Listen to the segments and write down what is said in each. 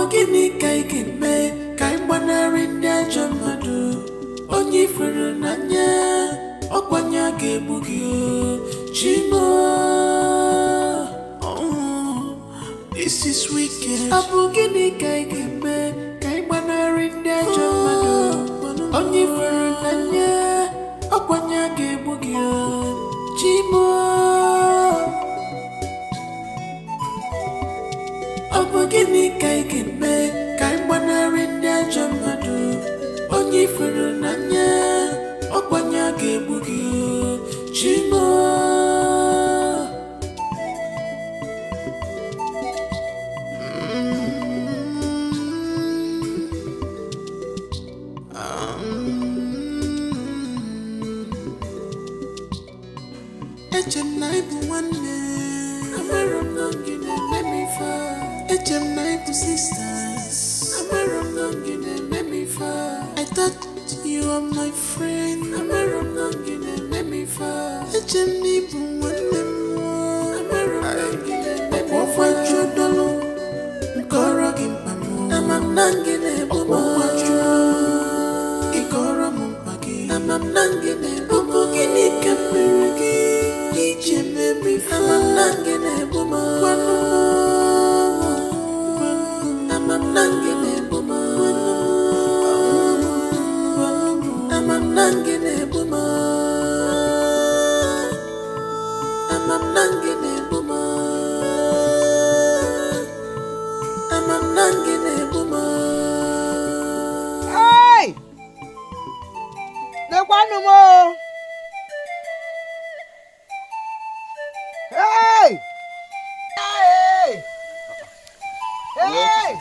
ọ gịnị ka ị ga-eme ka ị gbanarị ndị ajọ mmadụ onye ifere n'anya ọkwanye ga-egbu gị chimo this is wicked abụ gịnị ka ị ga-eme ka ị gbanarị ndị ajọ mmadụ onye ifere n'anya ọkwanye ga-egbu gị chimo na-achọ mmadụ onye ifuru n'anya ọkwanye ga-egbu gị chimo eche m na ịbụ nwanne amara m na gị na-eme m ife eche m na ịbụ sista are my friend. I'm a rum you and let me fall. Hey! Hey! Hey!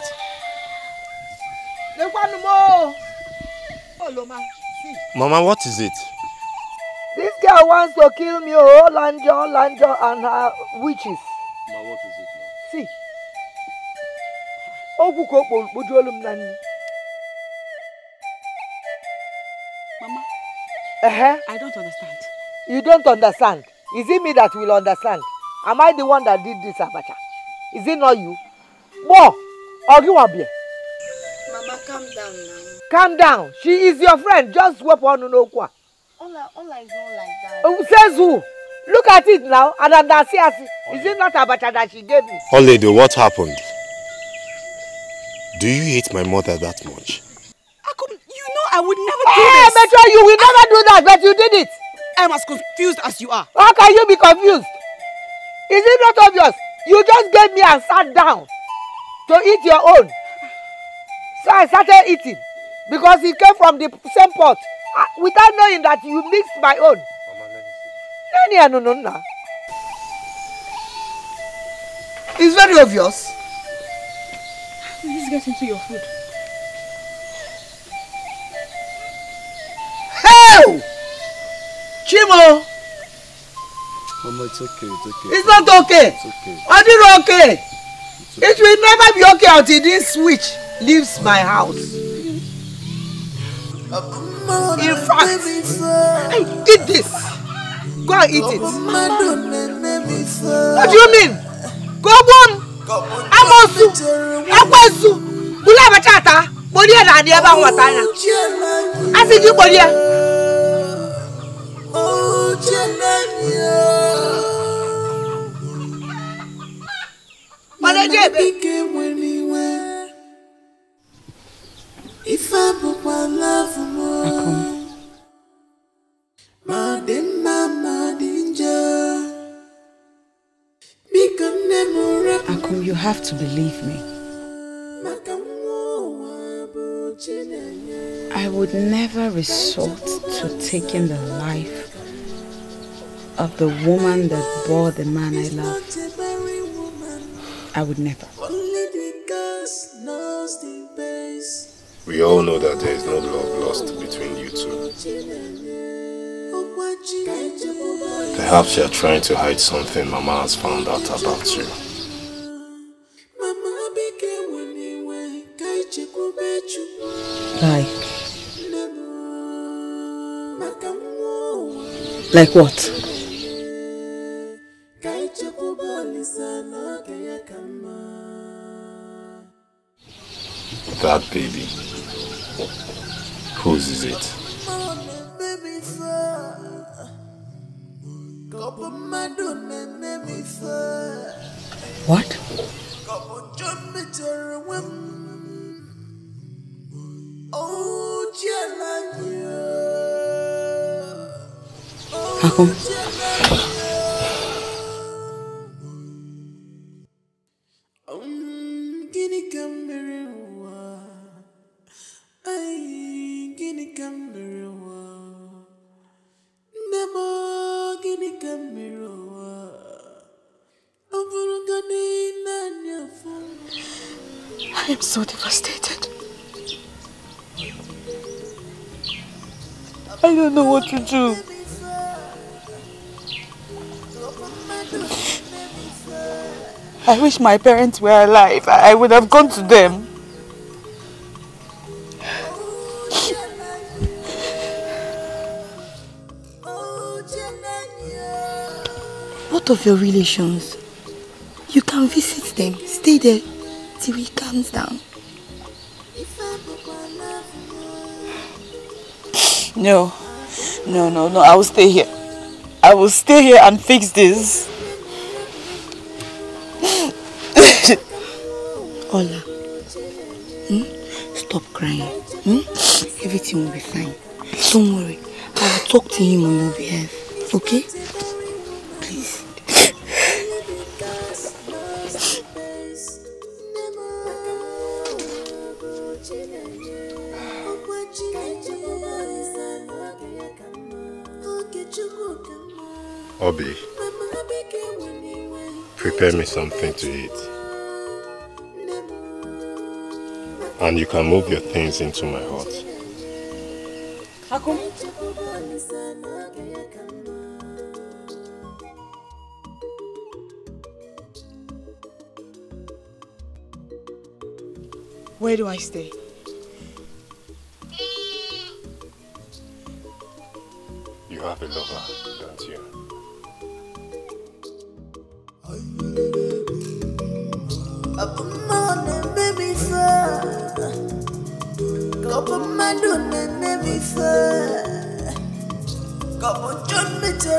Mama, what is it? This girl wants to kill me, oh, Lanjo, Lanjo, and her witches. Mama, what is it See. Oh, ka go, go, go m na nri. Mama. Uh -huh. I don't understand. You don't understand. Is it me that will understand? Am I the one that did this, Abacha? Is it not you? Bo, Ogiwabie. Mama, calm down now. Calm down. She is your friend. Just weep on Unokwa. Ola, Ola is not like that. Uh, says who? Look at it now. And Andasiasi. Is it not Abacha that she gave you? Oledo, what happened? Do you hate my mother that much? you know I would never do hey, eh, this. Metro, you will never do that, but you did it. I'm as confused as you are. How can you be confused? Is it not obvious? You just gave me and sat down to eat your own. So I started eating because it came from the same pot ah, without knowing that you mixed my own. Mama, no, no, no. It's very obvious. Please get into your food. Hey! Chimo! Mama, it's okay, it's okay. It's not okay. It's okay. Ọdún okay. okay. It will never be okay until this switch leaves my house. In fact, I did this. Go and eat it. What do you mean? Go I'm I'm also. home. Amosu. Akwesu. Bula bachata. Bodi and na ni eba wata I Asiji you ya. E. jebe ife you have to believe me. I would never resort to taking the life of the woman that bore the man I loved. I would never. We all know that there is no love lost between you two. Perhaps you are trying to hide something Mama has found out about you. Like? Like what? I wish my parents were alive. I would have gone to them. What of your relations? You can visit them. Stay there till he calms down. No. No, no, no. I will stay here. I will stay here and fix this. Ola, hmm? stop crying. Hmm? Everything will be fine. Don't worry. I will talk to him on your behalf. Okay? Please. Obi, prepare me something to eat. and you can move your things into my heart. Where do I stay? taifa, kama chonde cha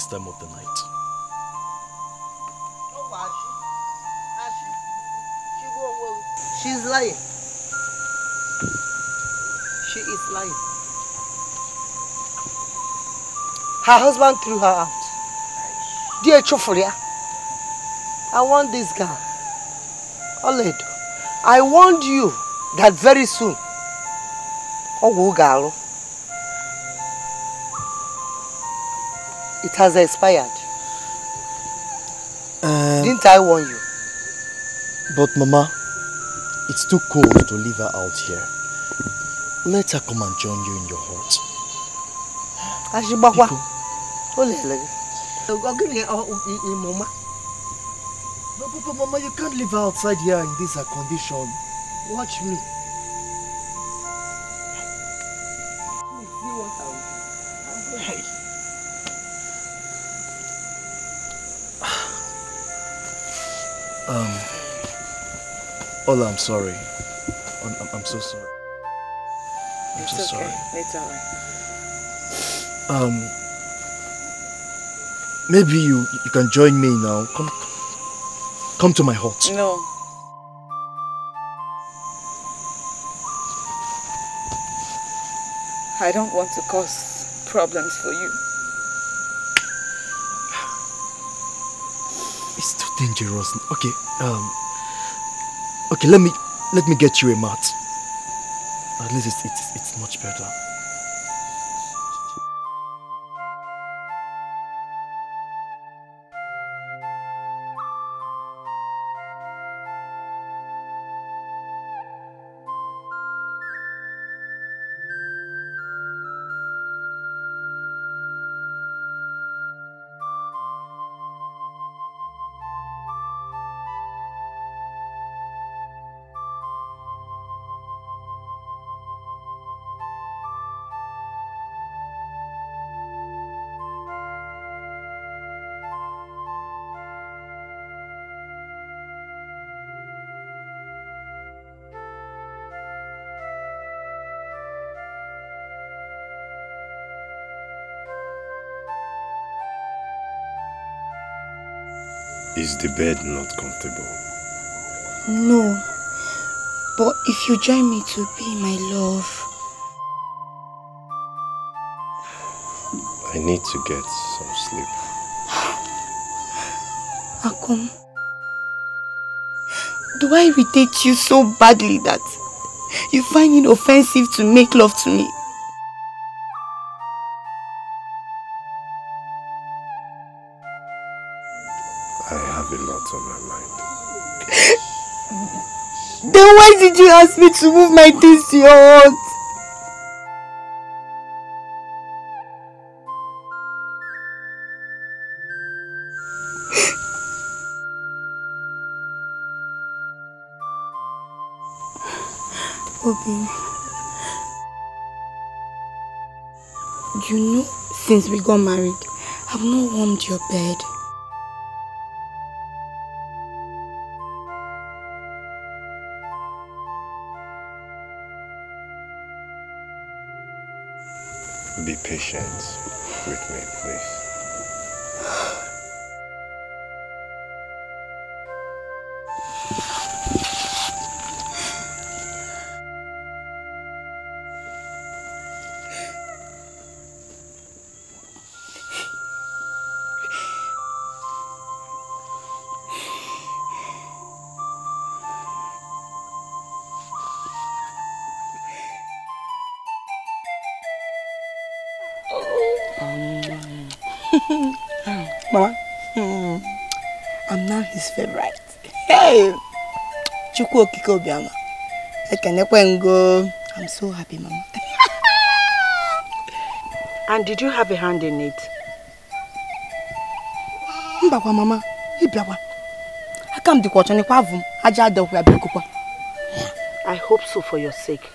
this time of the night. She's lying. She is lying. Her husband threw her out. Dear Choforia, I want this girl. Oled, I warned you that very soon. Oh, girl. It has expired. Um, Didn't I warn you? But Mama, it's too cold to leave her out here. Let her come and join you in your heart. Ashibakwa. Olele. Oh, oh, Mama. No, but Mama, you can't live outside here in this condition. Watch me. Ola, I'm sorry. I'm, I'm, I'm so sorry. I'm it's so okay. sorry. It's alright. Um, maybe you you can join me now. Come, come to my hut. No. I don't want to cause problems for you. It's too dangerous. Okay, um, Okay, let me let me get you a mat. At least it's, it's, it's much better. Is the bed not comfortable? No. But if you join me to be my love... I need to get some sleep. Akum, do I irritate you so badly that you find it offensive to make love to me? why did you ask me to move my things to your aunt? Obin, you know, since we got married, I've not warmed your bed. patience with me, please. okike obiama ekenekwe ngo i'm so happy mama and did you have a hand in it mbakwa mama ịbịakwa aka m dịkwa ọchọnikwa abụ m aja adọkwa ya bikokwa i hope so for your sake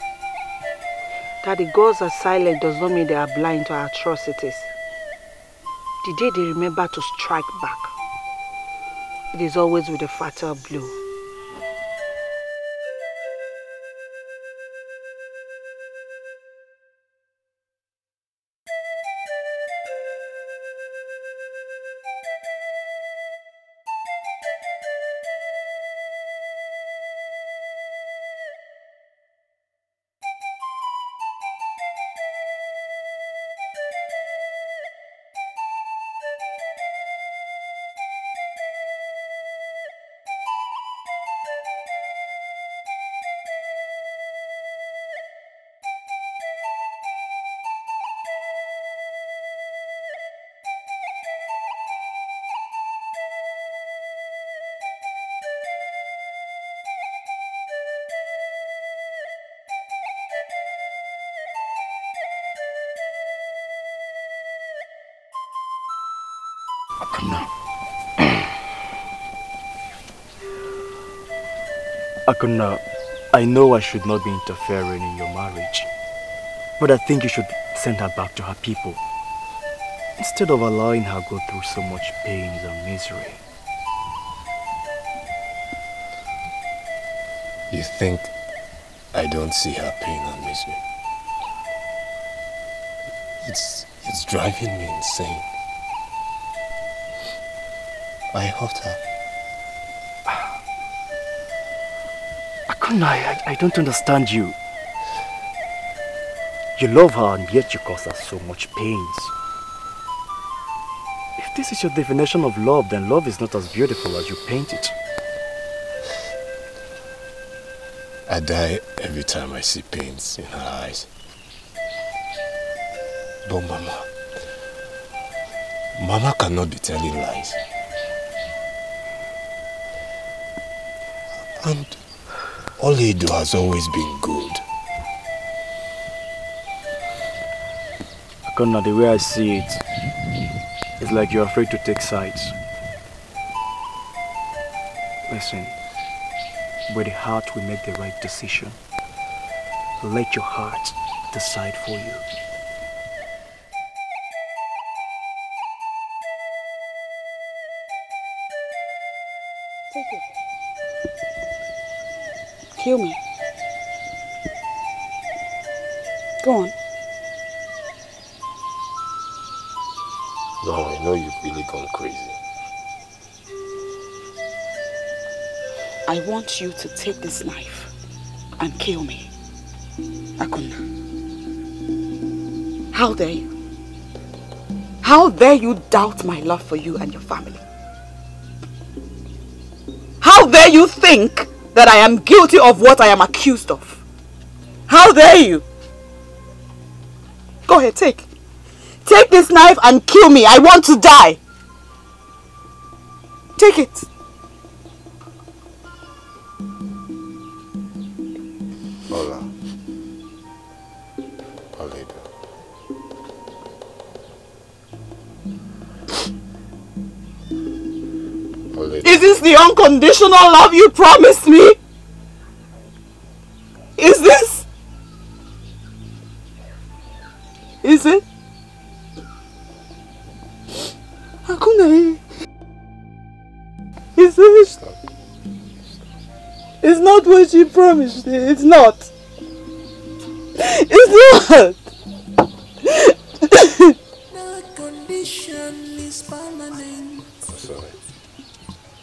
that the gods are silent does not mean they are blind to atrocities the day they remember to strike back it is always with a fatal blow Akuna, I know I should not be interfering in your marriage, but I think you should send her back to her people instead of allowing her go through so much pains and misery. You think I don't see her pain and misery? It's, it's driving me insane. I hurt her. Kunai, I, I don't understand you. You love her and yet you cause her so much pains. If this is your definition of love, then love is not as beautiful as you paint it. I die every time I see pains in her eyes. But Mama, Mama cannot be telling lies. And Olido has always been good. Akona, the way I see it, it's like you're afraid to take sides. Listen, with the heart we make the right decision. Let your heart decide for you. kill me. Go on. No, I know you've really gone crazy. I want you to take this knife and kill me. Akuna. How dare you? How dare you doubt my love for you and your family? How dare you think that I am guilty of what I am accused of. How dare you? Go ahead, take. Take this knife and kill me. I want to die. Take it. the unconditional love you promised me? Is this? Is it? Hakuna eh? Is this? It's not what you promised. Eh? It's not. It's not. the condition is permanent. I'm sorry.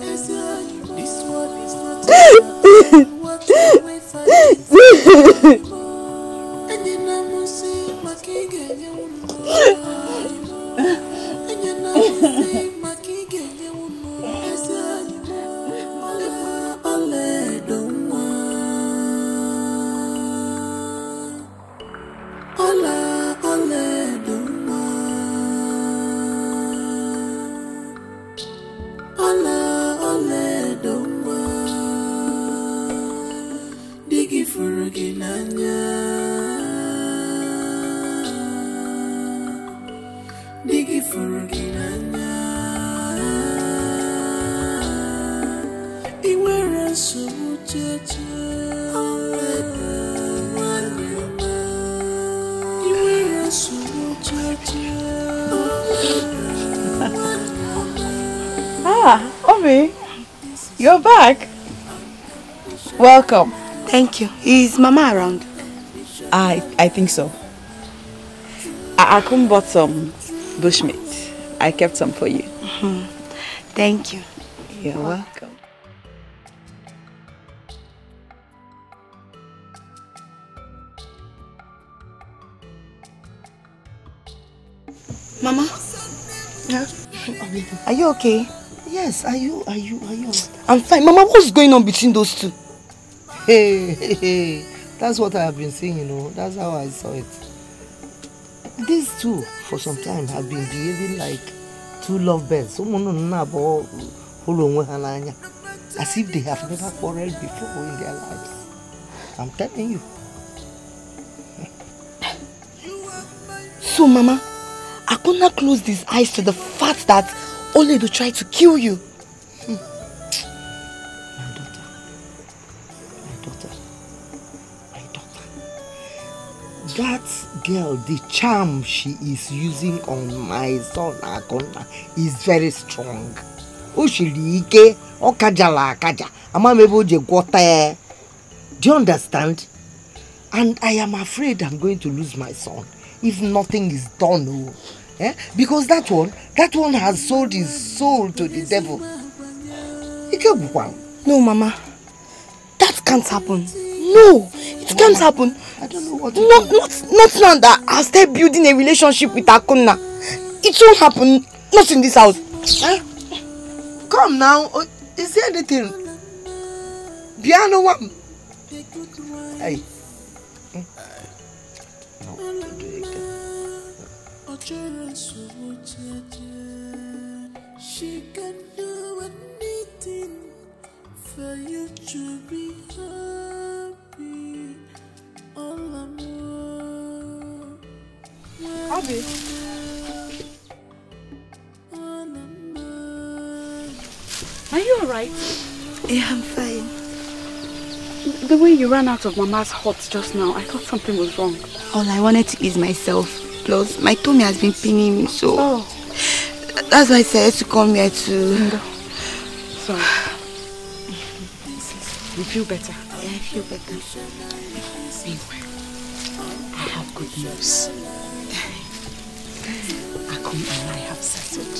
This one is not Thank you. Is Mama around? I I think so. I Akum bought some bushmeat. I kept some for you. Mm -hmm. Thank you. You're, You're welcome. welcome. Mama? Yeah? Are you okay? Yes, are you, are you, are you? I'm fine. Mama, what's going on between those two? Hey, That's what I have been seeing, you know. That's how I saw it. These two, for some time, have been behaving like two lovebirds. As if they have never quarreled before in their lives. I'm telling you. So, Mama, I could not close these eyes to the fact that Oledo tried to kill you. girl, the charm she is using on my son Akona is very strong. O shiri ike, ọ kajala akaja, ama m ebe o je gwọta ya. Do you understand? And I am afraid I'm going to lose my son if nothing is done. Oh. Eh? Because that one, that one has sold his soul to the devil. Ike gwụkwa. No, Mama. That can't happen. No, it can't happen. I don't know what. Not, not, not now that I'll start building a relationship with Akuna. It won't happen. Not in this house. Eh? Come now. Oh, is there anything? Biano one. Hey. She can do anything for you to be home. Abi. Are you alright? Yeah, I'm fine. The way you ran out of Mama's hut just now, I thought something was wrong. All I wanted to is myself. Plus, my tummy has been paining me, so... Oh. That's why I said to come here to... No. Sorry. You feel better? Rebecca, beware. I have good news. Akum and I have settled.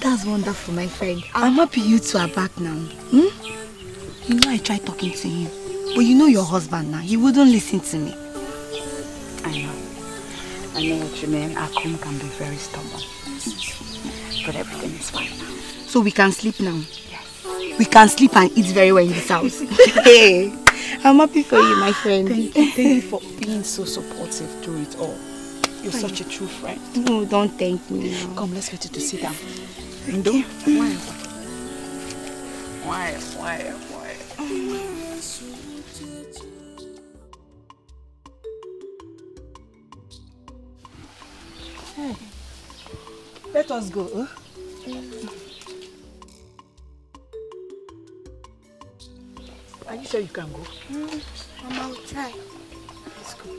That's wonderful, my friend. I'm happy you two are back now. Hmm? You know I tried talking to him. But you know your husband now. He wouldn't listen to me. I know. I know what you mean. Akum can be very stubborn. But everything is fine now. So we can sleep now we can sleep and eat very well in this house. hey, I'm happy for you, my friend. Thank you, thank you for being so supportive through it all. You're such a true friend. No, don't thank me. No. Come, let's get you to sit down. why? Why? Why? Why? let us go. Huh? Are you sure you can go? Mm, I'm outside. Let's go.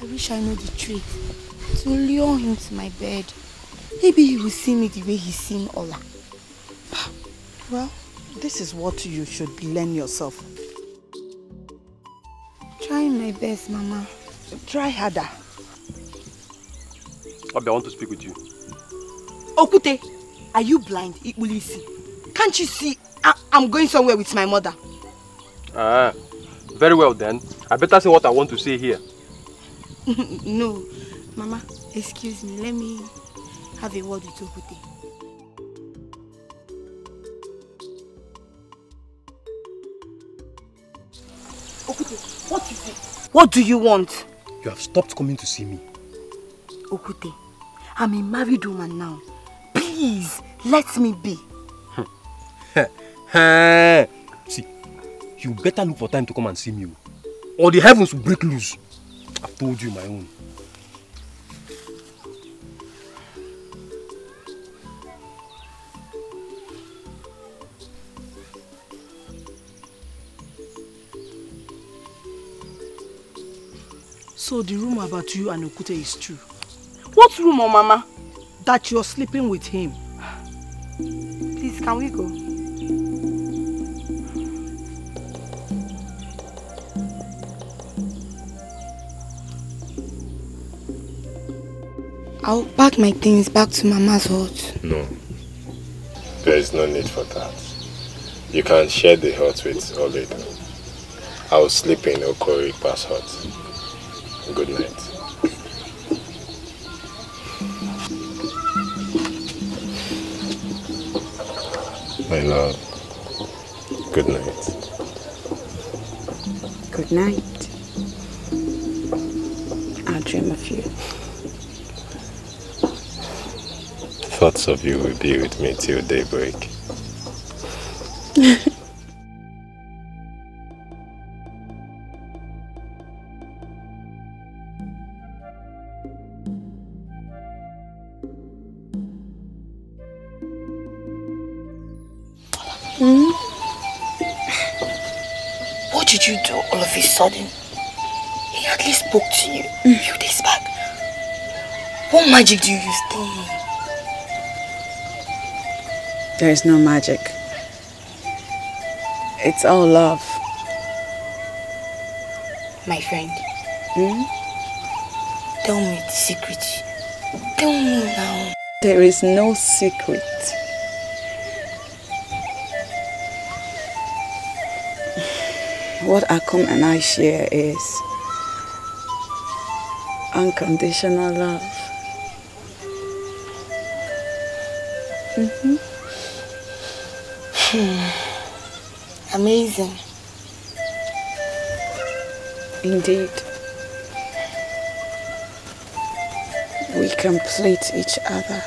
I wish I knew the trick to lure him to my bed. Maybe he will see me the way he's seen Ola. Well, this is what you should learn yourself. Trying my best, Mama. Try harder. Abby, I want to speak with you. Okute, are you blind, Ikbulisi? Can't you see I I'm going somewhere with my mother? Ah, very well then. I better say what I want to say here. no, Mama, excuse me. Let me have a word with Okute. Okute, what is it? What do you want? You have stopped coming to see me. Okute, I'm a married woman now. Please, let me be. see, you better look for time to come and see me. Oh. Or the heavens will break loose. I've told you my own. So the rumor about you and Okute is true? What rumor, Mama? that you're sleeping with him. Please, can we go? I'll pack my things back to Mama's hut. No. There is no need for that. You can share the hut with Oledo. I'll sleep in Pass hut. Good night. love. Good night. Good night. I'll dream of you. Thoughts of you will be with me till daybreak. magic do you use? Tell me. There is no magic. It's all love. My friend. Hmm? Tell me the secret. Tell me now. There is no secret. What Akum and I share is unconditional love. Mm-hmm. Amazing. Indeed. We complete each other.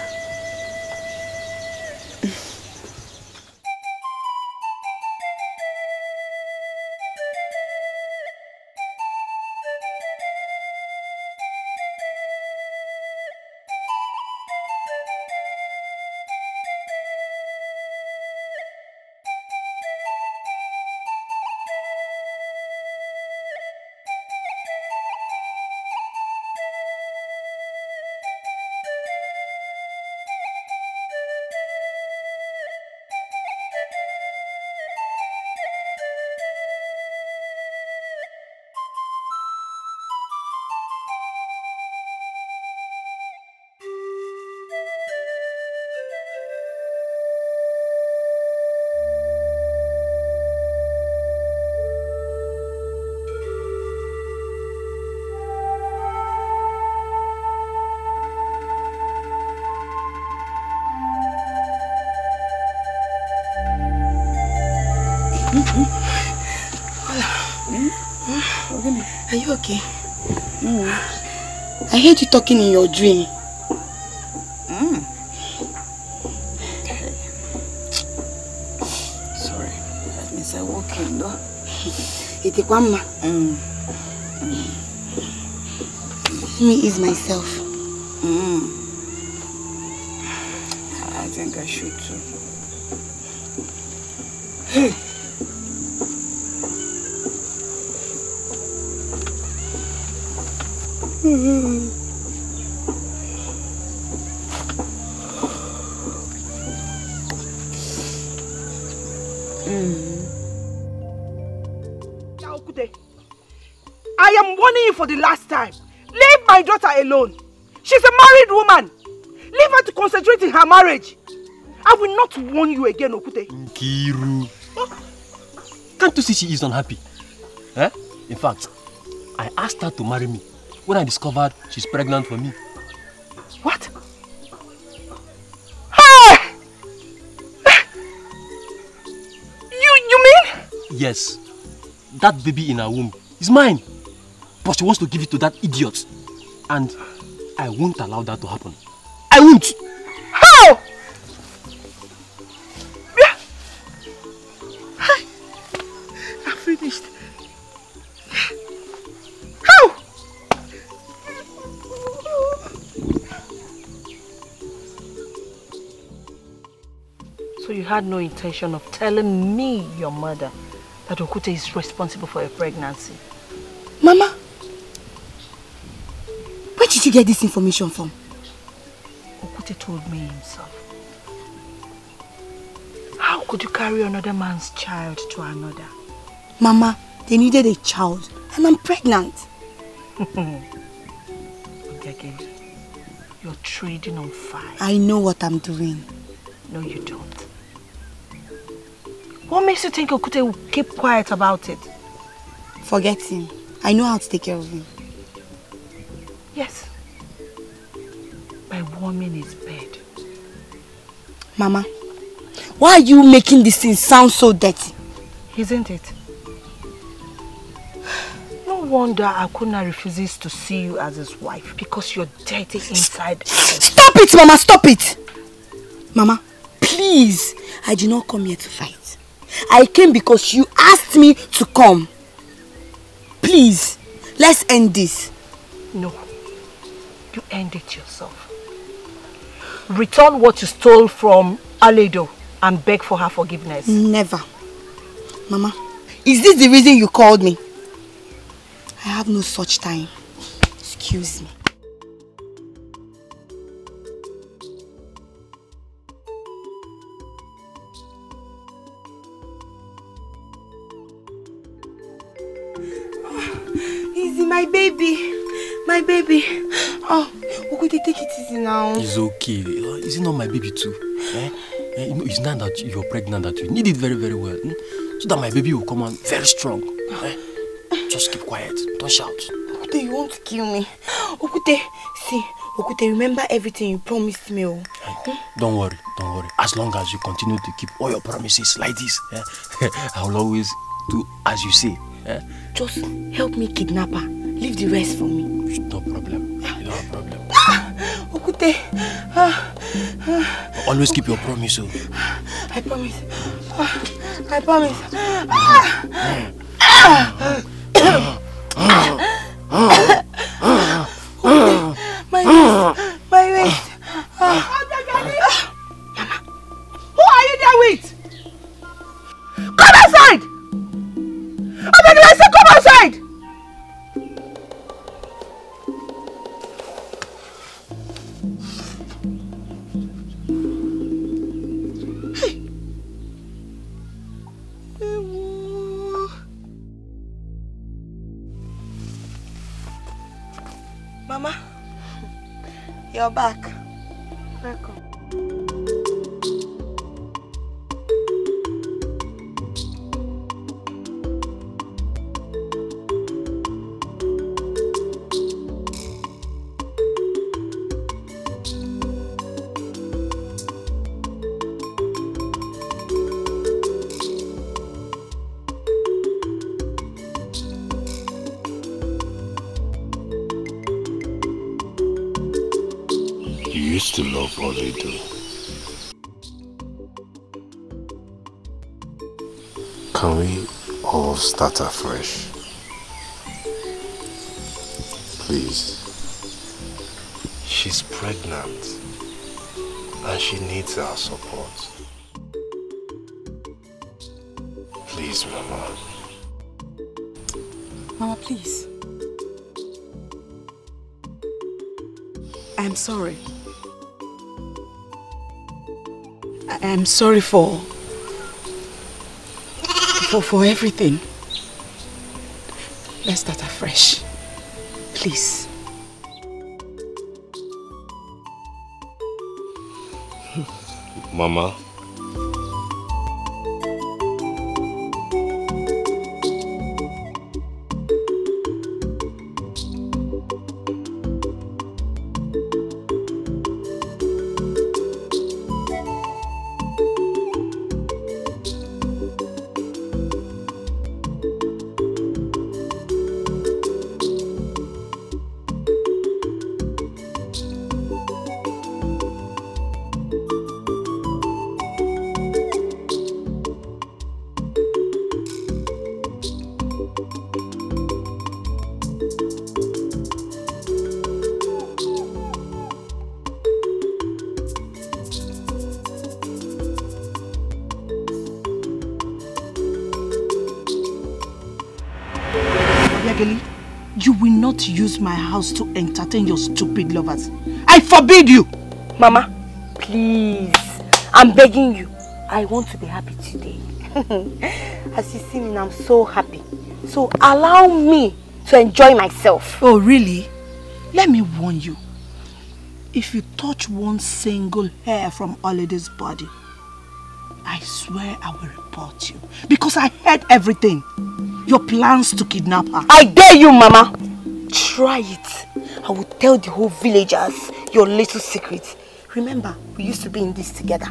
talking in your dream. Mm. Sorry, that means I woke you, no? It is Mm. Mm. Me is myself. Mm. I think I should too. Hey. hmm for the last time. Leave my daughter alone. She's a married woman. Leave her to concentrate in her marriage. I will not warn you again, Okute. Nkiru. Oh, can't you see she is unhappy? Eh? In fact, I asked her to marry me when I discovered she's pregnant for me. What? Hey! You, you mean? Yes. That baby in her womb is mine. But she wants to give it to that idiot. And I won't allow that to happen. I won't! How? I'm finished. How? So you had no intention of telling me, your mother, that Okute is responsible for your pregnancy? Mama, did you get this information from? Okute told me himself. How could you carry another man's child to another? Mama, they needed a child and I'm pregnant. Again, you're trading on fire. I know what I'm doing. No, you don't. What makes you think Okute will keep quiet about it? Forget him. I know how to take care of him. Yes by warming his bed. Mama, why are you making this thing sound so dirty? Isn't it? No wonder Akuna refuses to see you as his wife because you're dirty inside. Stop it, Mama, stop it! Mama, please, I did not come here to fight. I came because you asked me to come. Please, let's end this. No, you end it yourself return what you stole from Aledo and beg for her forgiveness? Never. Mama, is this the reason you called me? I have no such time. Excuse me. Ah, easy, my baby. My baby. Oh, Okudi, take it easy now. It's okay. Uh, is it not my baby too? Eh? eh? You know, it's now that you're pregnant that you need it very, very well. Hmm? So that my baby will come on very strong. Eh? Just keep quiet. Don't shout. Okute, you won't kill me. Okute, see, Okute, remember everything you promised me. Oh. Don't worry, don't worry. As long as you continue to keep all your promises like this, eh? I will always do as you say. Eh? Just help me kidnap her. Leave the rest for me. No problem. No problem. Kute. Ah, ah. Always keep your promise, oh. I promise. Ah, I promise. Mm-hmm. Mm-hmm. Ah. Ah. Ah. Ah. Ah. You're back. Butterfresh. Please. She's pregnant and she needs our support. Please, Mama. Mama, please. I'm sorry. I'm sorry for... for, for everything. please. Mama, my house to entertain your stupid lovers. I forbid you! Mama, please. I'm begging you. I want to be happy today. As you see me, I'm so happy. So allow me to enjoy myself. Oh, really? Let me warn you. If you touch one single hair from Holidays' body, I swear I will report you. Because I heard everything. Your plans to kidnap her. I dare you, Mama try it. I will tell the whole villagers your little secret. Remember, we used to be in this together.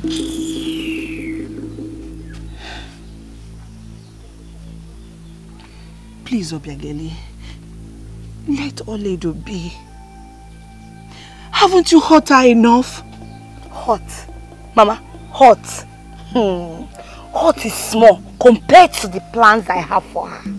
Please, Obiageli, let Oledo be. Haven't you hurt her enough? Hot? Mama, hot. Hmm. Hot is small compared to the plans I have for her.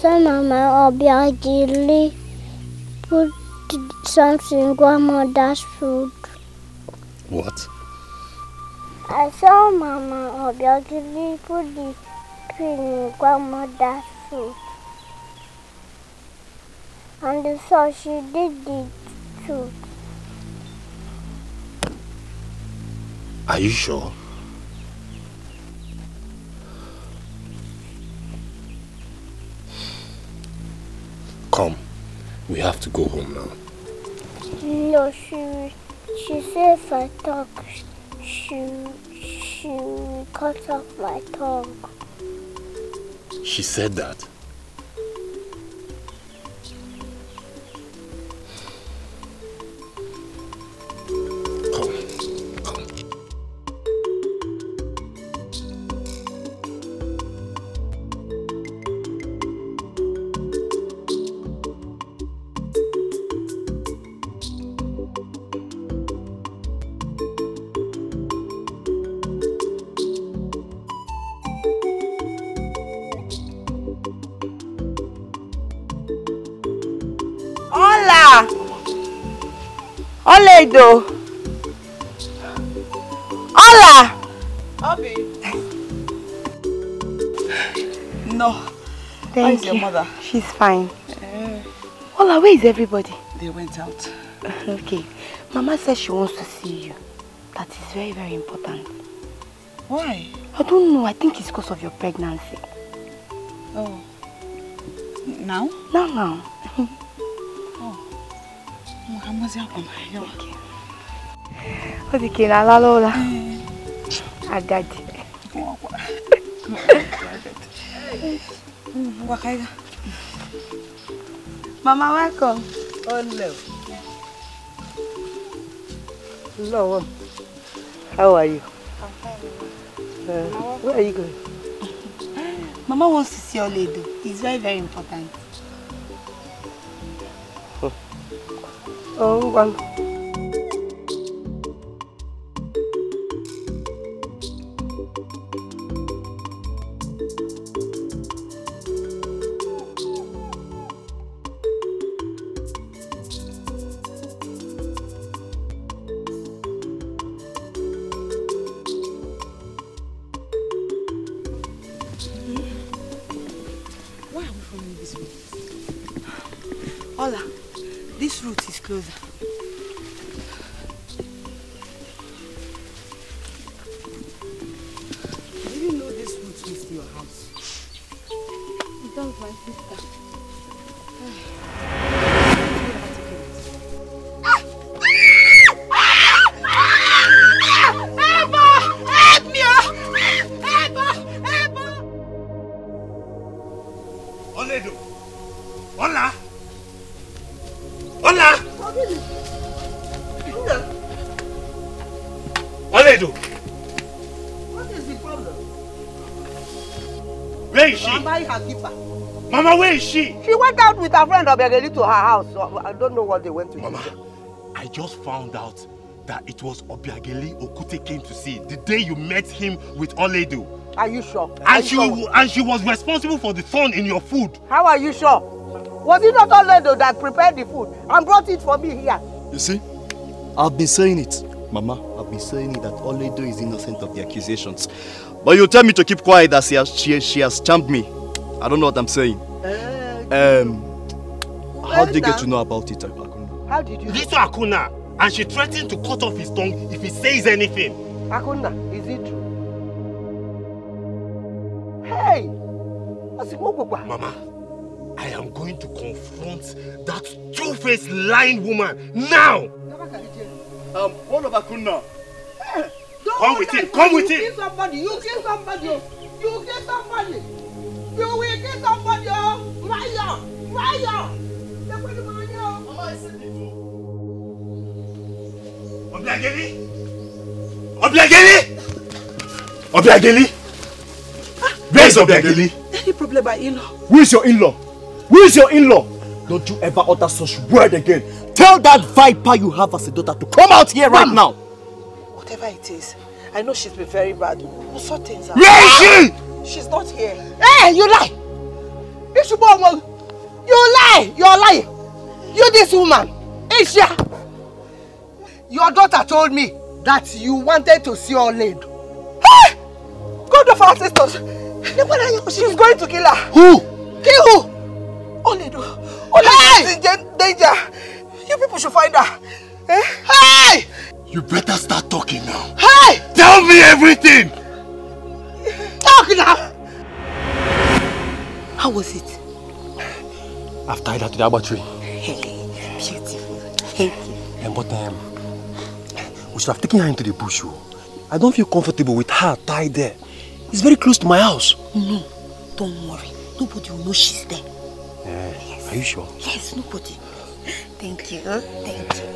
Tata Mama Obiagili put something grandmother's food. What? I saw Mama Obiagili put the cream grandma grandmother's food. And so she did it too. Are you sure? We have to go home now. No, she, she said if I talk, she, she cut off my tongue. She said that? Udo. Hola. Abby. No. Thank How is you. your mother? She's fine. Uh, Hola, where is everybody? They went out. Okay. Mama says she wants to see you. That is very, very important. Why? I don't know. I think it's because of your pregnancy. Oh. Now? Now, now. oh. Mama, okay. ó lá Lola, a agadi wakaiga mama welcome Olá. Olá. how are you i'm fine uh, where are you going mama wants to see lady. it's very very important oh, oh one her keeper. Mama, where is she? She went out with her friend Obereli to her house. So I don't know what they went to. Mama, do. I just found out that it was Obiageli Okute came to see the day you met him with Oledu. Are you sure? And she sure? and she was responsible for the thorn in your food. How are you sure? Was it not Oledu that prepared the food and brought it for me here? You see, I've been saying it, Mama. I've been saying it that Oledu is innocent of the accusations. But you tell me to keep quiet as she has, she, she has charmed me. I don't know what I'm saying. Uh, um, how did you get to know about it, Akuna? How did you? This know? Akuna, and she threatened to cut off his tongue if he says anything. Akuna, is it true? Hey, what's Mama, I am going to confront that two-faced lying woman now. Um, what of Akuna? Hey, come with him. Come with him. You kill somebody. You kill somebody. Oh. You kill somebody. You will get somebody, Maya, Maya. The way you are now. Mama, I said Obiageli? Obiageli? Obiageli? Where is Obiageli? Any problem by in-law? Who is your in-law? Who is your in-law? Don't you ever utter such word again. Tell that viper you have as a daughter to come out here right Mom. now. Whatever it is, I know she's been very bad. We'll sort things out. Where is she? She's not here. Hey, you lie! Ishubo You lie! You're lying! You this woman! Isha! Your daughter told me that you wanted to see her laid. Hey! God of our sisters! She's going to kill her! Who? Kill who? Oledo! Oledo hey! is in danger! You people should find her! Hey. Eh? Hey! You better start talking now! Hey! Tell me everything! Talk now! How was it? I've tied her to the battery. Hey, beautiful. Thank you. And eh, but um, we should have taken her into the bush. Oh. I don't feel comfortable with her tied there. It's very close to my house. No, don't worry. Nobody will know she's there. Yeah. Yes. Are you sure? Yes, nobody. Thank you. Thank you.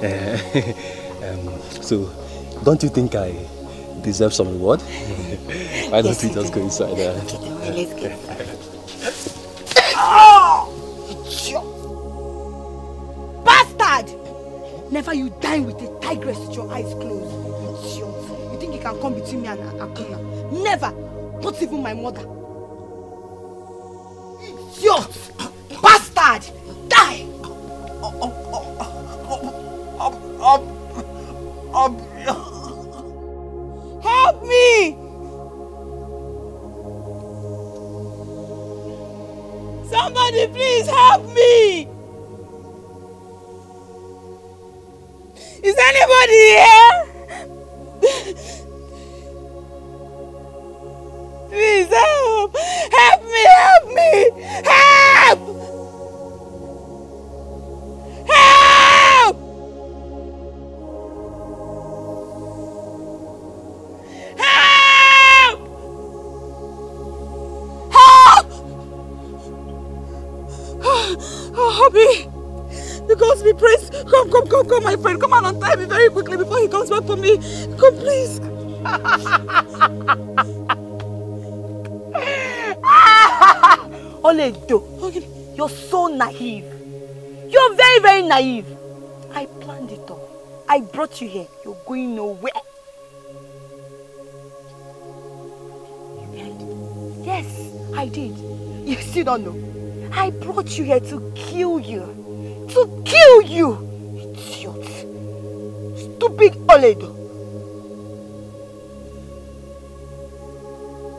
Uh, um, so, don't you think I deserve some reward. Why don't yes, we just do. go inside? Uh, oh! Bastard! Never you dine with a tigress with your eyes closed. Idiot. You think you can come between me and Akuna? Never! Not even my mother. Idiot! he come on, untie me very quickly before he comes back for me. Come, please. Oledo, okay. you're so naive. You're very, very naive. I planned it all. I brought you here. You're going nowhere. Yes, I did. You still don't know. I brought you here to kill you. To kill you! big Oledo.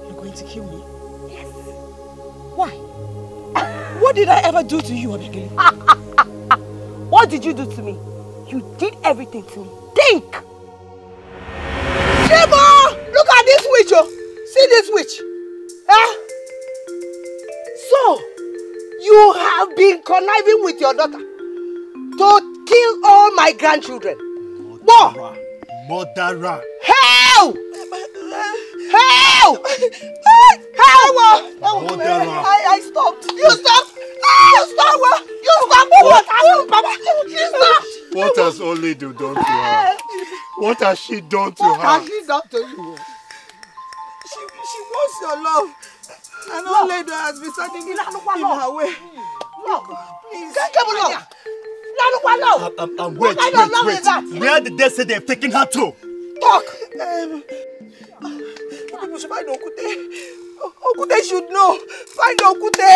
You're going to kill me? Yes. Why? what did I ever do to you, Abigail? what did you do to me? You did everything to me. Think! Trevor! Look at this witch, oh! See this witch? Huh? So, you have been conniving with your daughter to kill all my grandchildren. pọ̀. mọ́dára. hell hell ẹwọ mọ́dára. I I stopped you stopped you stop wa you stop what happened baba you stop. what has only Oledo done to her what has she done to her. what has she done to you. she she wants your love and Oledo has been standing in her way. Look, please. Get, Laruwa, no! Um, um, um, wait, wait, wait. wait. Where did they say they've taken her to? Talk! Um, people should find Okute. Okute should know. Find Okute.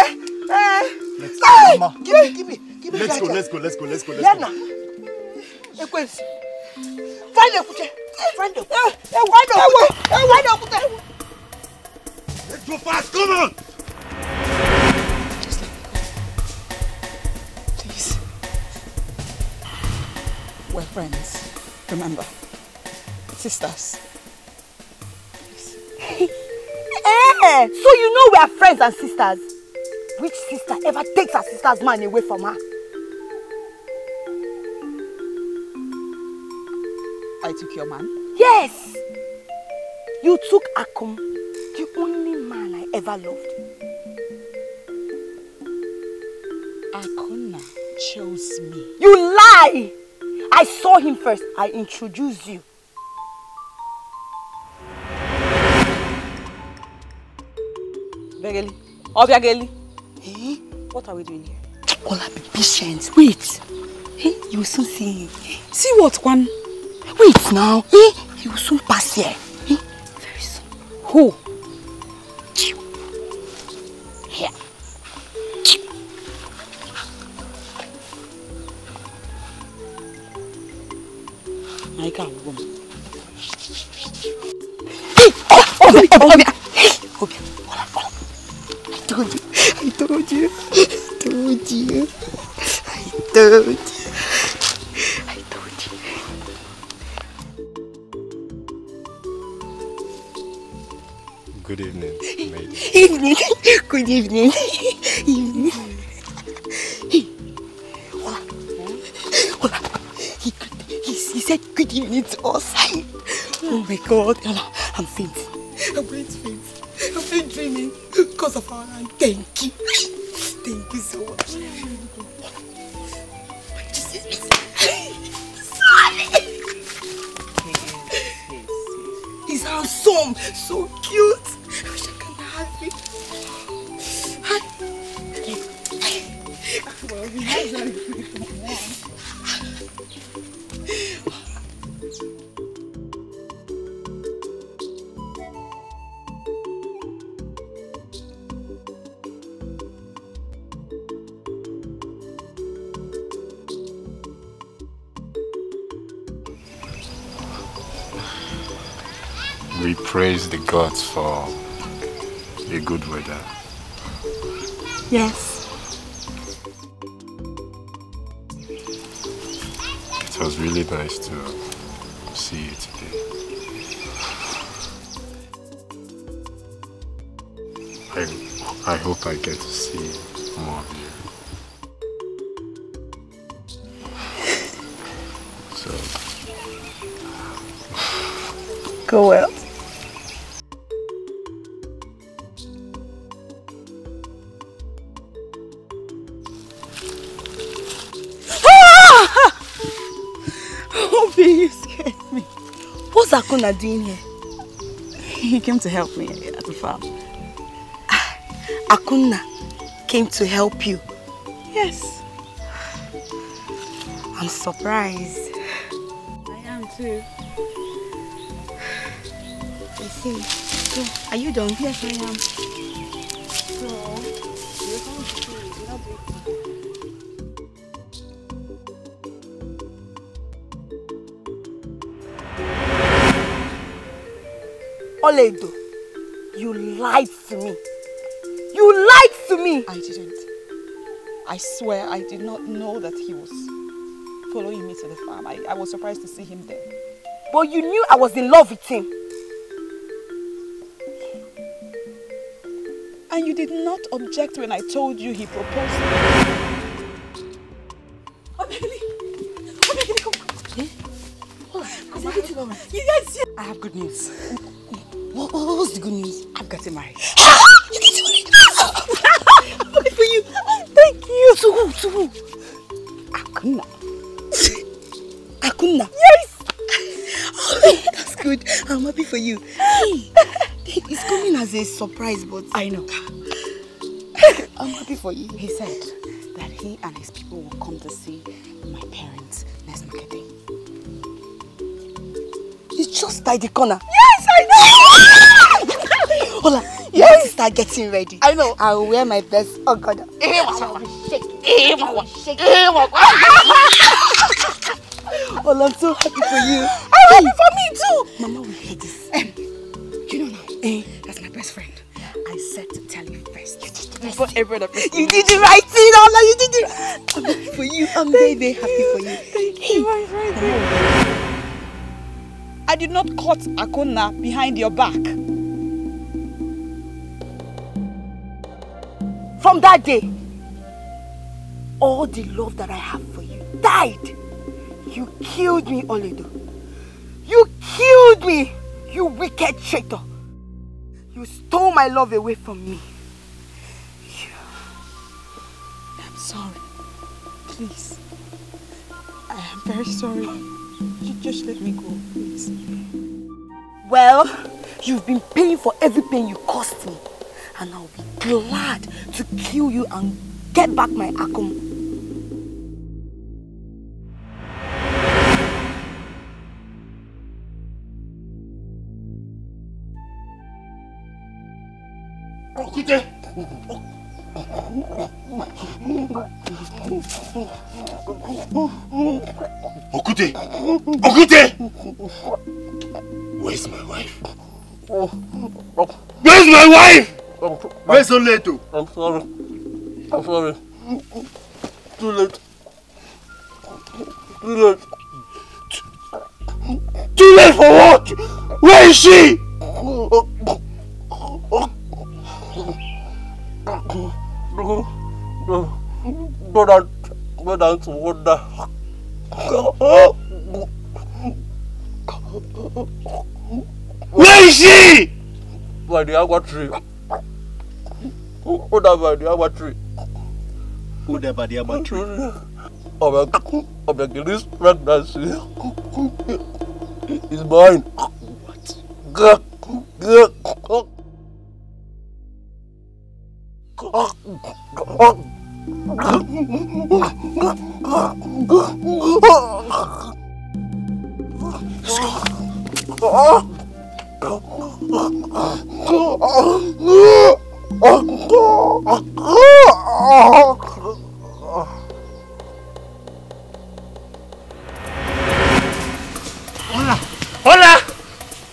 Uh, eh, let's hey, go, eh, Mama. Give me, give me, give me. Let's go, let's go, let's go, let's go, let's Yana. go. Equals. Eh, find Okute. Find Okute. Find Okute. Find Okute. Let's go fast, come on! we're friends. Remember, sisters. eh, so you know we are friends and sisters. Which sister ever takes her sister's man away from her? I took your man? Yes! You took Akum, the only man I ever loved. Akuna chose me. You lie! I saw him first. I introduced you. Begeli. Obiageli. Hey, what are we doing here? Ola, be patient. Wait. Hey, you will soon see him. See what, Kwan? Wait now. Hey, he will soon pass here. Hey, very soon. Who? Obia. Hey, Obia. Hold on, hold on. I told you. I told you. I told you. I told you. Good evening, mate. Evening. Good evening. Evening. Hey. Hold on. He, he, he said good evening to us. Oh my god. I'm faint. Ay, thank you. I, I hope I get to see more of you. So. Go well. Akuna doing here? He came to help me at the farm. Ah, Akuna came to help you? Yes. I'm surprised. I am too. I see. So, are you done? Yes, I am. Oledo, you lied to me. You lied to me! I didn't. I swear I did not know that he was following me to the farm. I, I was surprised to see him there. But you knew I was in love with him. And you did not object when I told you he proposed. I have good news. a surprise, but... I know. I'm happy for you. He said that he and his people will come to see my parents next market day. It's just by the corner. Yes, I know! Hola, you yes. start getting ready. I know. I will wear my best. Oh, God. Eh, I eh, I eh, Hola, I'm so happy for you. I'm happy for me too. Mama will hate this. Um, you know now. Eh? before everyone of You did the right thing, Allah. You did it. I'm happy for you. I'm very, very happy for you. Thank hey. you. I did not cut Akona behind your back. From that day, all the love that I have for you died. You killed me, Oledo. You killed me, you wicked traitor. You stole my love away from me. sorry. Please. I am very sorry. Just let me go, please. Well, you've been paying for every pain you caused me. And I'll be glad to kill you and get back my Akum. Okute! Okute! Okute! Where's my wife? Where's my wife? Where's so I'm sorry. I'm sorry. Too late. Too late. Too late for what? Where is she? brother brother to wonder. Where is she? By the agua tree. Under by the agua tree. Under by the agua tree. Of a of a girl's pregnancy is mine. What? Gah, gah, gah. Hola!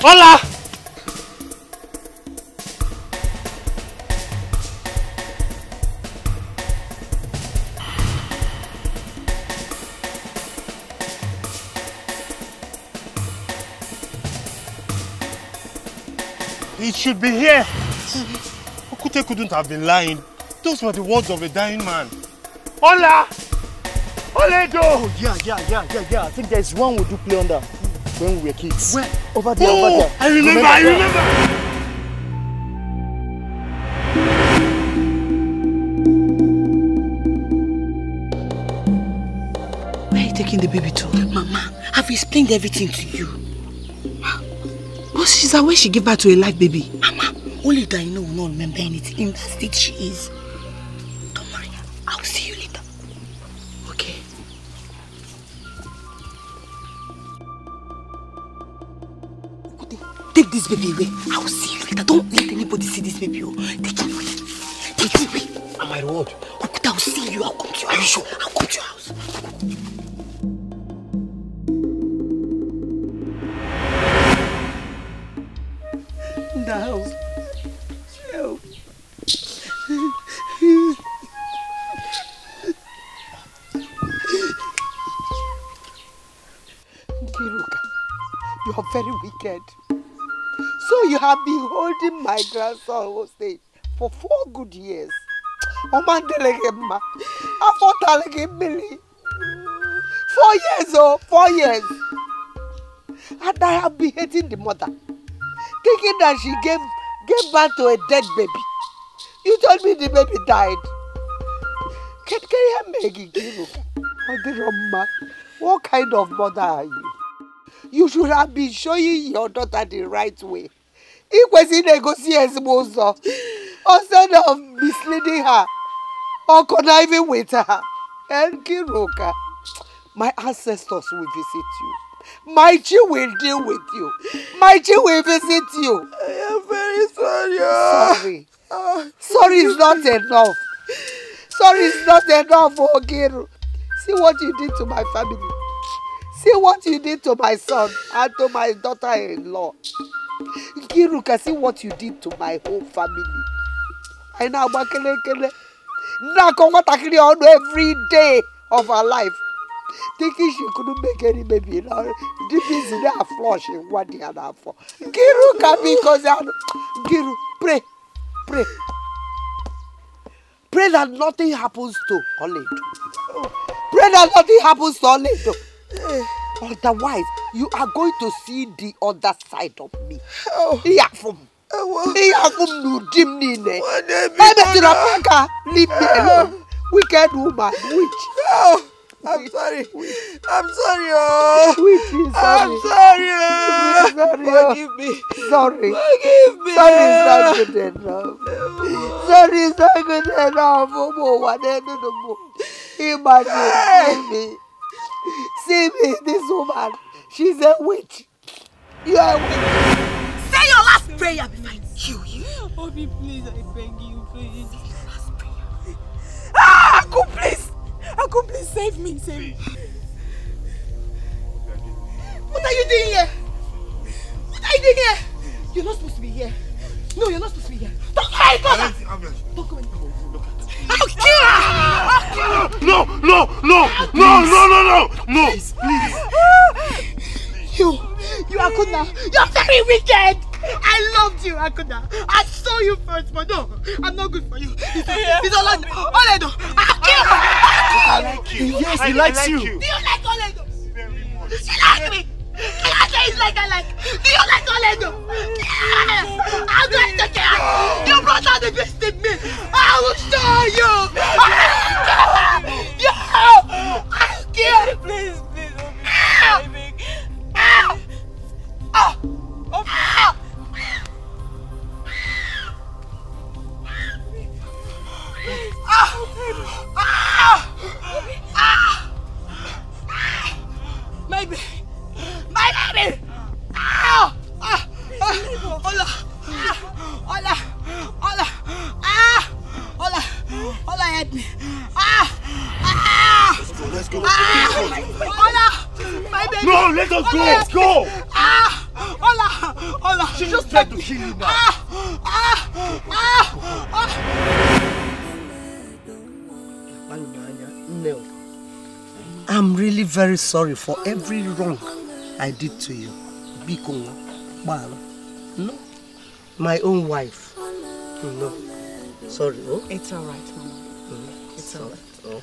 Hola! should be here. Okute couldn't have been lying. Those were the words of a dying man. Hola, Oledo! Oh, yeah, yeah, yeah, yeah, yeah. I think there's one we do play under when we were kids. Where? Over there, oh, over there. I remember, remember I remember. Where are you taking the baby to? Mama, I've explained everything to you. Because she's way she give birth to a live baby. Mama, only that you know will not remember anything in that state she is. Don't worry, I'll see you later. Okay. Take this baby away. I will see you later. Don't let anybody see this baby. Oh. Take it away. Take it away. Am my what? Okuta, I will see you. I'll come to your house. I'll come to your house. very wicked. So you have been holding my grandson hostage for four good years. Ọmọ ma, afọtaleke mele. Four years oh, four years. And I have been hating the mother, thinking that she gave gave birth to a dead baby. You told me the baby died. Can, can you help me again? What kind of mother are you? you should have been showing your daughter the right way ikwesị na-egosi ya ezigbo ụzọ instead of misleading her or conniving with her Enkiruka my ancestors will visit you my chi will deal with you my chi will visit you. I am very sorry. Sorry. Oh, sorry is not enough. Sorry is not enough, Ogiru. See what you did to my family see what you did to my son and to my daughter-in-law. can see what you did to my whole family. I now makelekele. now, on what I on every day of her life. Thinking she couldn't make any baby. Now, this is their flush in what they are for. can be because Giru, pray, pray. Pray that nothing happens to Oledo. Pray that nothing happens to Oledo. Eh, otherwise, you are going to see the other side of me. Hear from Hear from Nudim Nine. Emetirapaka, leave me ah. alone. Wicked woman, witch. Oh, I'm sorry. I'm sorry. Oh. Witch is sorry. I'm sorry. Oh. sorry oh. Forgive me. Sorry. Forgive me. Sorry is not oh. good enough. Sorry is not good enough. Oh, one end of the moon. Imagine. Leave me. See me, this woman. She's a witch. You are a witch. Say your last prayer before I kill you. Obi, please, I beg you, please. Say your last prayer. Ah, Aku, please. Aku, please, save me, save me. What are you doing here? What are you doing here? You're not supposed to be here. No, you're not supposed to be here. Don't come in, Don't come in. Don't come in. I'll kill her! I'll No, no, no, no, no, no, no, no, please. please. You, you Akuna, you're very wicked! I loved you, Akuna. I saw you first, but no, I'm not good for you. It's, it's Orlando. Orlando, I'll kill her! I like you. Yes, he likes you. Do you like Orlando? She likes me. It's like I like. Do You like Orlando. I'm going to care. You brought out the best in me. I will show you. Yo, I am scared. please, please, oh, oh, oh, oh. Ah! Ah! Ah! Maybe. Hola, hola, hola, ah, hola, hola, help me. Ah, ah, let's go. Ah, hola, my baby. No, let us go. Let's go. Ah, hola, hola. She just tried to kill you now. Ah, ah, ah, ah. I'm really very sorry for every wrong I did to you. Bikunga, wow. No. My own wife. No. Sorry, It's alright, Mama. Mm. It's alright. Oh.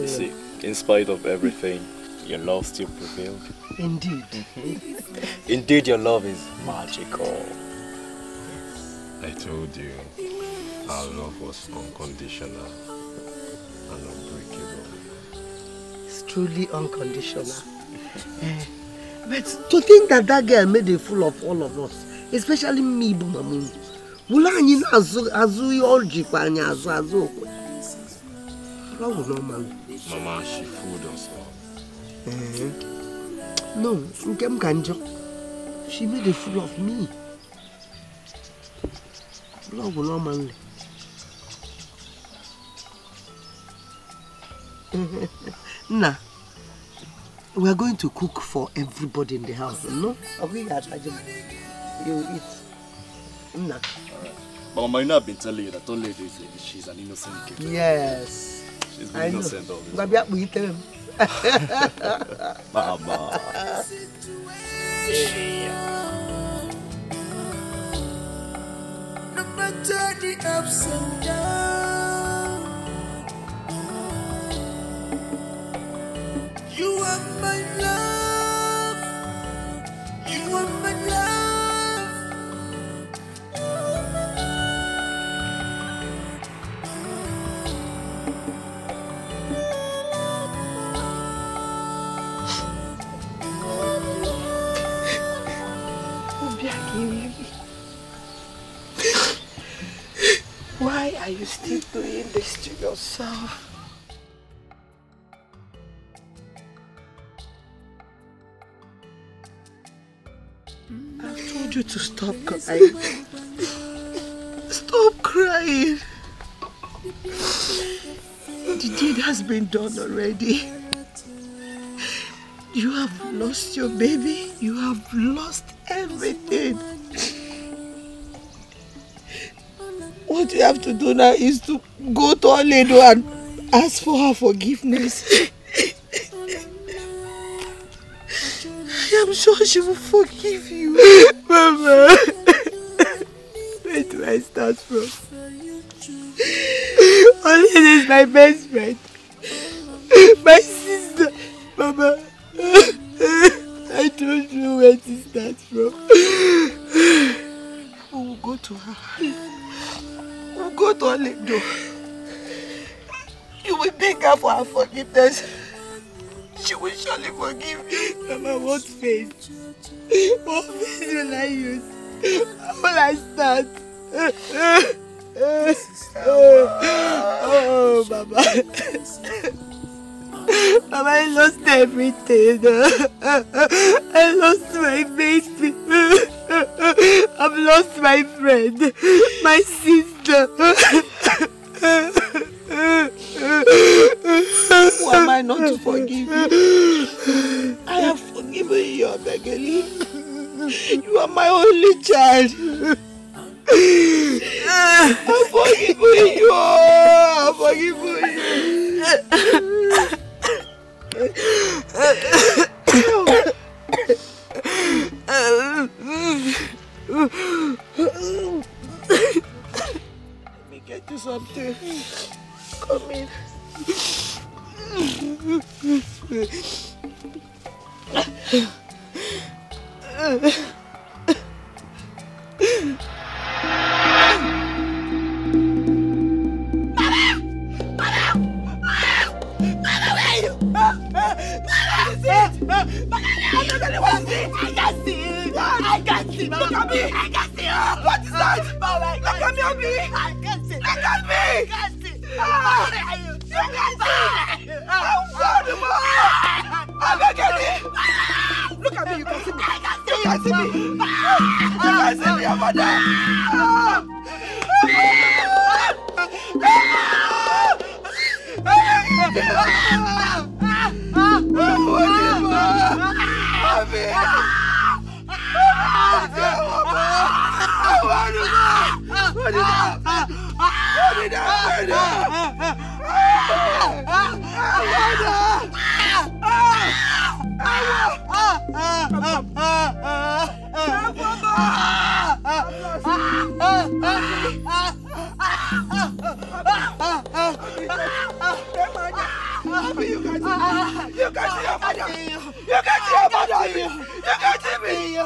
You see, in spite of everything, your love still prevailed. Indeed. Mm-hmm. Indeed, your love is magical. I told you, our love was unconditional and unbreakable. It's truly unconditional. But to think that that girl made a fool of all of us, especially me, Bumamu. Wula anyị na azu, azu, ihe ọ jikwa azu, azụ azụ okwe. Ọgwụ Mama, she fooled us all. Eh. No, nke m ka She made a fool of me. Ọgwụ normal. Nah. We are going to cook for everybody in the house, no? Okay, You eat. Nah. But Mama, you know, I've been telling you that old lady is lady. She's an innocent kid. Yes. She's been I innocent know. all this. Maybe we eat them. Mama. No matter the ups and downs. You are my love. You are my love. Why are you still doing this to yourself? need you to stop crying. Stop crying. The deed has been done already. You have lost your baby. You have lost everything. What you have to do now is to go to Oledo and ask for her forgiveness. I'm sure she will forgive you. Mama, where do I start from? Only is my best friend. My sister. Mama, I don't know where to start from. We will go to her. We will go to Aledo. You will beg her for her forgiveness. She will surely forgive me. Mama, what faith? What faith will I use? How will I start? Oh, Mama. Mama, I lost everything. I lost my baby. I've lost my friend, my sister. Who am I not to forgive you? I have forgiven you, Begeli. You are my only child. I forgive you. I forgive you. Let me get you something. Come in. What is that? Oh my God. Look at me. I can't see. Look at me. I can't see. Ah. I'm sorry, Mom! I'm not getting Look at me, you can see me. You can see me. You can see me, over there. What is it, Mom? Mommy! Ah! Abi, ah, you can see me. You can see your father. You can see me.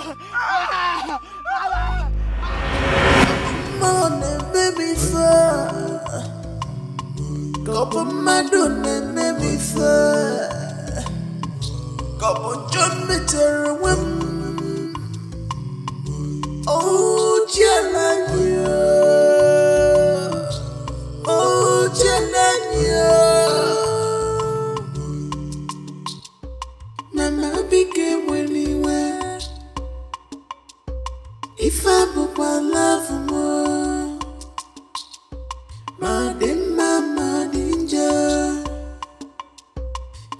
Mone baby fa Kopo ife bụkwa lafumo ma ọ dị mma ma ọ dị njọ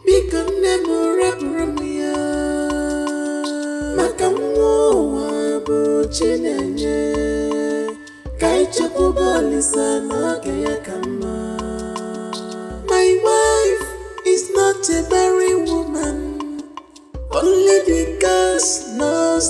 biko nne m repụrụ m ya maka nwa ụwa bụ chinenye ka ịchekwuba olisa n'oge ya ka mma my wife is not a married woman only the because knows